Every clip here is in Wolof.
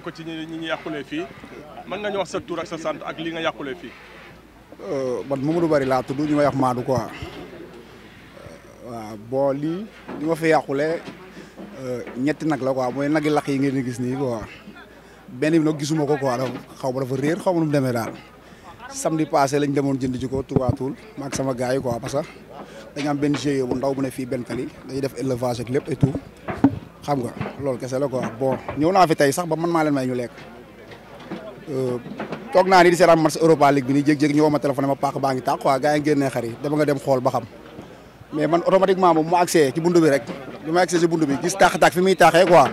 bokk ci ñi ñi yàqulee fii man nga ñu wax sa tur ak sa sant ak li nga yàqulee fii. Euh, man ma Mamadou Bari laa tudd ñu may wax Maadou quoi euh, waaw boo lii li ma fi yàqule euh, ñetti nag la quoi mooy nagi laq yi ngeen di gis nii quoi benn bi nag gisuma ko quoi donc xaw ma dafa réer xaw ma nu mu demee daal samedi passé lañ demoon jënd ci ko Touba ma ak sama gars yi quoi parce que dañu am benn GIE bu ndaw bu ne fii benn tali dañuy def élevage ak lépp et tout. xam nga loolu kessé la ko wax bon ñew na fi tay sax ba man ma leen may ñu lek euh tok na ni di seetaan match Europa League bi ni jégg jégg ñu woo téléphone ma paak baangi tax tàq quoi gars yi génnee xar dama nga dem xol ba xam mais man automatiquement mo mu accès ci bundu bi rek bi accès ci bundu bi gis tax tax fi mi taxé quoi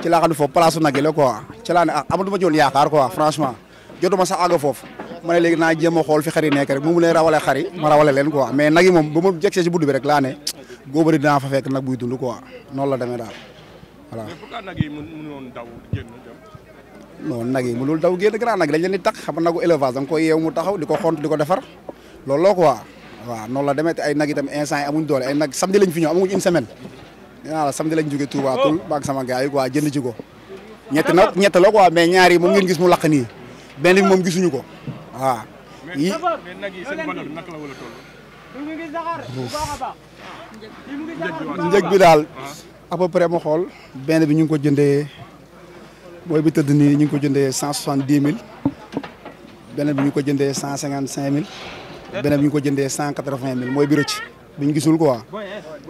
ci la xadu ne place nagé nag la quoi ci la né ah amatuma ci woon yaakaar quoi franchement jottuma sax aga foofu mané légui na jëma xol fi xari yi nekk rek mu mu rawalé xari ma rawalé leen quoi mais nag mom moom ba ma ci bundu bi rek la né góobari dina fa fekk nak buy dund quoi non la démé dal voilà mais nag non nag yi iya di di la demee ay nag instant amuñ doole ay nag samedi lañ fi ñëw amuñ une semaine la samedi lañ Touba oh. sama gars quoi jënd ji ko ah, ñett nag ñett la quoi mais ñaar yi moom ngeen gis mu laq nii benn bi moom gisuñu ko waaw yi njëg bi daal ah. Apa peu près hol? xool benn bi ñu ko jende booy bi tëdd nii ñu ko jende sang soixante dix mil beneen bi ñu ko jende sang cinquante bi ñu ko jende sang quatre bi rëcc gisul quoi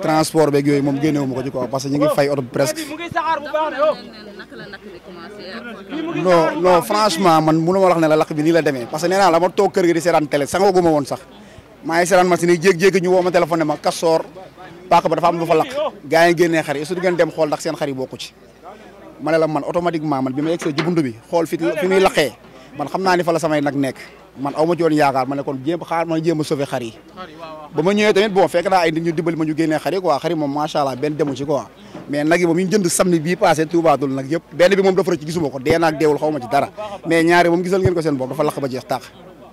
transport beeg yooyu mom génnewu ma ko ci quoi parce que ñu ngi fay oto presque. Oh. non non franchement man mënu ma wax ne la lakk bi nii la demee parce que nee naa la ma toog kër gi di seetaan télé sax machine jéeg-jéeg téléphone paaka ba dafa am lu fa lakk gars yi génnee xar yi su dem xool ndax seen xar yi bokku ci ma ne la man bi ma egg see bi xool fi fi muy laqee man xam naa fa la samay nag nekk man aw ma ci ma ne kon jéem ma jéem a ba ma ñëwee tamit bon fekk naa ay nit ñu ma ñu génnee xar yi quoi xar yi moom allah benn demu ci quoi mais nag yi moom ñu jënd samedi bii passé tuubaadul nag yëpp benn bi moom dafa rëcc ci dara ko seen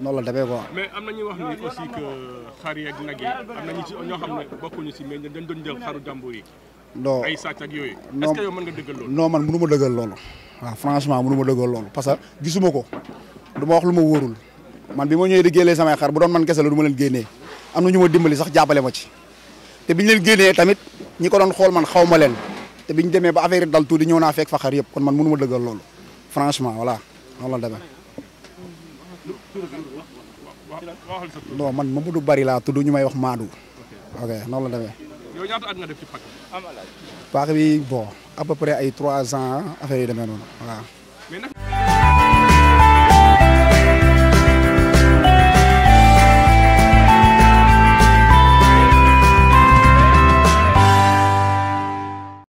noonu la demee quoi. mais amna ñi wax ni aussi que xar yeeg nag yi am na ñu ci ño xam bokku ñu ci mais dañ doon jël xaru jambour yi. non ay sacc ak yoy est-ce que yow mën nga deugal lool non man mënu ma dëggal loolu. waaw franchement mënu ma dëggal loolu parce que gisuma ko du ma wax luma ma man bima ma di génnee sama xar bu doon man kessel la du ma leen génnee amna na ñu ma dimbali sax jappalé ma ci té biñu leen génnee tamit ñi ko doon xol man xawma leen té biñu démé ba affaire dal di ñëw na fekk fa xar yépp kon man mënu ma dëggal loolu franchement voilà non la dabe non man Mamadou Bari laa tudd ñu may wax Maadou. ok noonu la demee. yow ñaata at nga bi bon à ay trois ans affaire yi demee noonu waaw.